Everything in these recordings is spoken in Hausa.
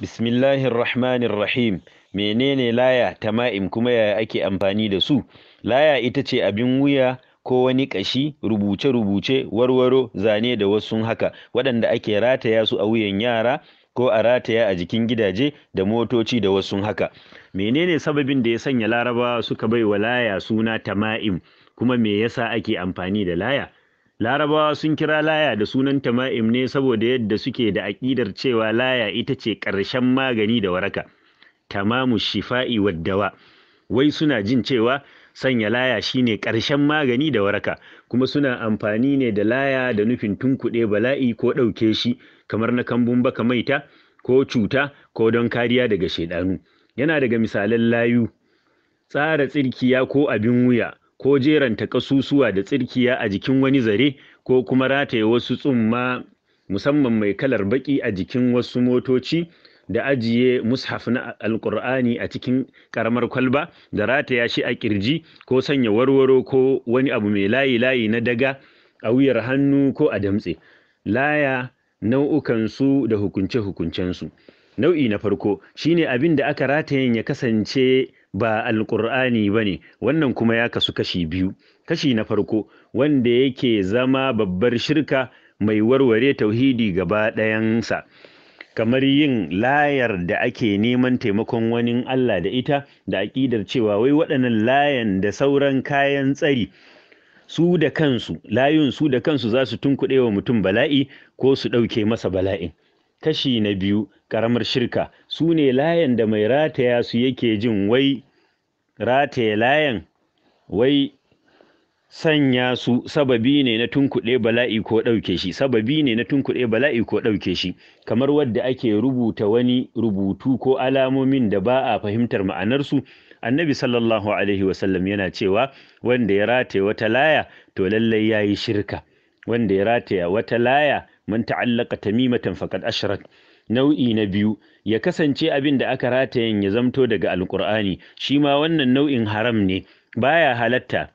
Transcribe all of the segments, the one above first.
Bismillahir Rahmanir Rahim. Menene laya tama'im kuma yaya ake amfani da su? Laya ita ce abin wuya ko wani kashi rubuce-rubuce warwaro zane da wasu haka waɗanda ake rataya su a wuyan yara ko a rataya a jikin gidaje da motoci da wasu haka. Menene sababin da ya sanya larabawa suka bai wa laya suna tama'im kuma me yasa ake amfani da laya? Larabawa sun kira laya da sunan tama'im ne saboda yadda suke da aƙidar cewa laya ita ce ƙarshen magani da waraka, tamamu shifa'i waddawa. Wai suna jin cewa sanya laya shine ƙarshen magani da waraka, kuma suna amfani ne da laya da nufin tunkuɗe bala'i ko ɗauke shi, kamar na kambun baka maita ko cuta ko don kariya daga shaiɗanu. Yana daga misalan layu, tsara tsirkiya ko abin wuya. ko jeranta ƙasusuwa da tsirkiya a jikin wani zare ko kuma rataye wasu tsumma musamman mai kalar baƙi a jikin wasu motoci da ajiye mushaf na alkur'ani a cikin karamar kwalba da rataya shi a kirji ko sanya warwaro ko wani abu mai layi-layi na daga a wuyar hannu ko a damtse laya nau'ukansu da hukunce-hukuncensu nau'i na farko shine abin da aka ratayen ya kasance ba Alkur'ani ba ne wannan kuma ya kasu kashi biyu kashi na farko wanda yake zama babbar shirka mai warware tauhidi gaba ɗayansa kamar yin layar da ake neman taimakon wani Allah da ita da aƙidar cewa wai waɗannan layan da sauran kayan tsari su da kansu layun su da kansu za su tunkuɗe wa mutum bala'i ko su ɗauke masa bala'in Kashi na biyu karamar shirka) su ne layan da mai rataya su yake jin wai rataye layan, wai sanya su sababi ne na tunkuɗe bala'i ko ɗauke shi, sababi ne na tunkuɗe bala'i ko ɗauke shi, kamar wadda ake rubuta wani rubutu ko alamomin da ba a fahimtar ma'anarsu, Annabi Sallallahu Alaihi Wasallam yana cewa, wanda ya rataya wata laya, to lallai ya yi shirka, wanda ya rataya wata laya man ta'allaka tamimatan faqad ashrak nau'i na biyu ya kasance abin da aka rataye ya zamto daga alkur'ani shi ma wannan nau'in haram ne baya halatta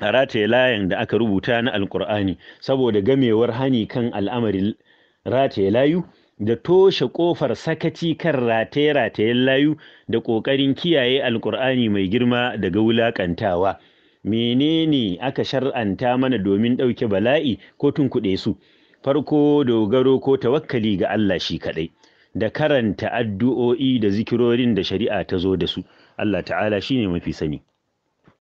a rataye layin da aka rubuta na alkur'ani saboda gamewar hani kan al'amarin rataye layu da toshe kofar sakaci kan rataye-ratayen layu da ƙoƙarin kiyaye alkur'ani mai girma daga wulaƙantawa menene aka shar'anta mana domin ɗauke bala'i ko tunkuɗe su farko dogaro ko tawakkali ga Allah shi kaɗai da karanta addu'o'i da zikirorin da shari'a ta zo da su Allah ta'ala shine mafi sani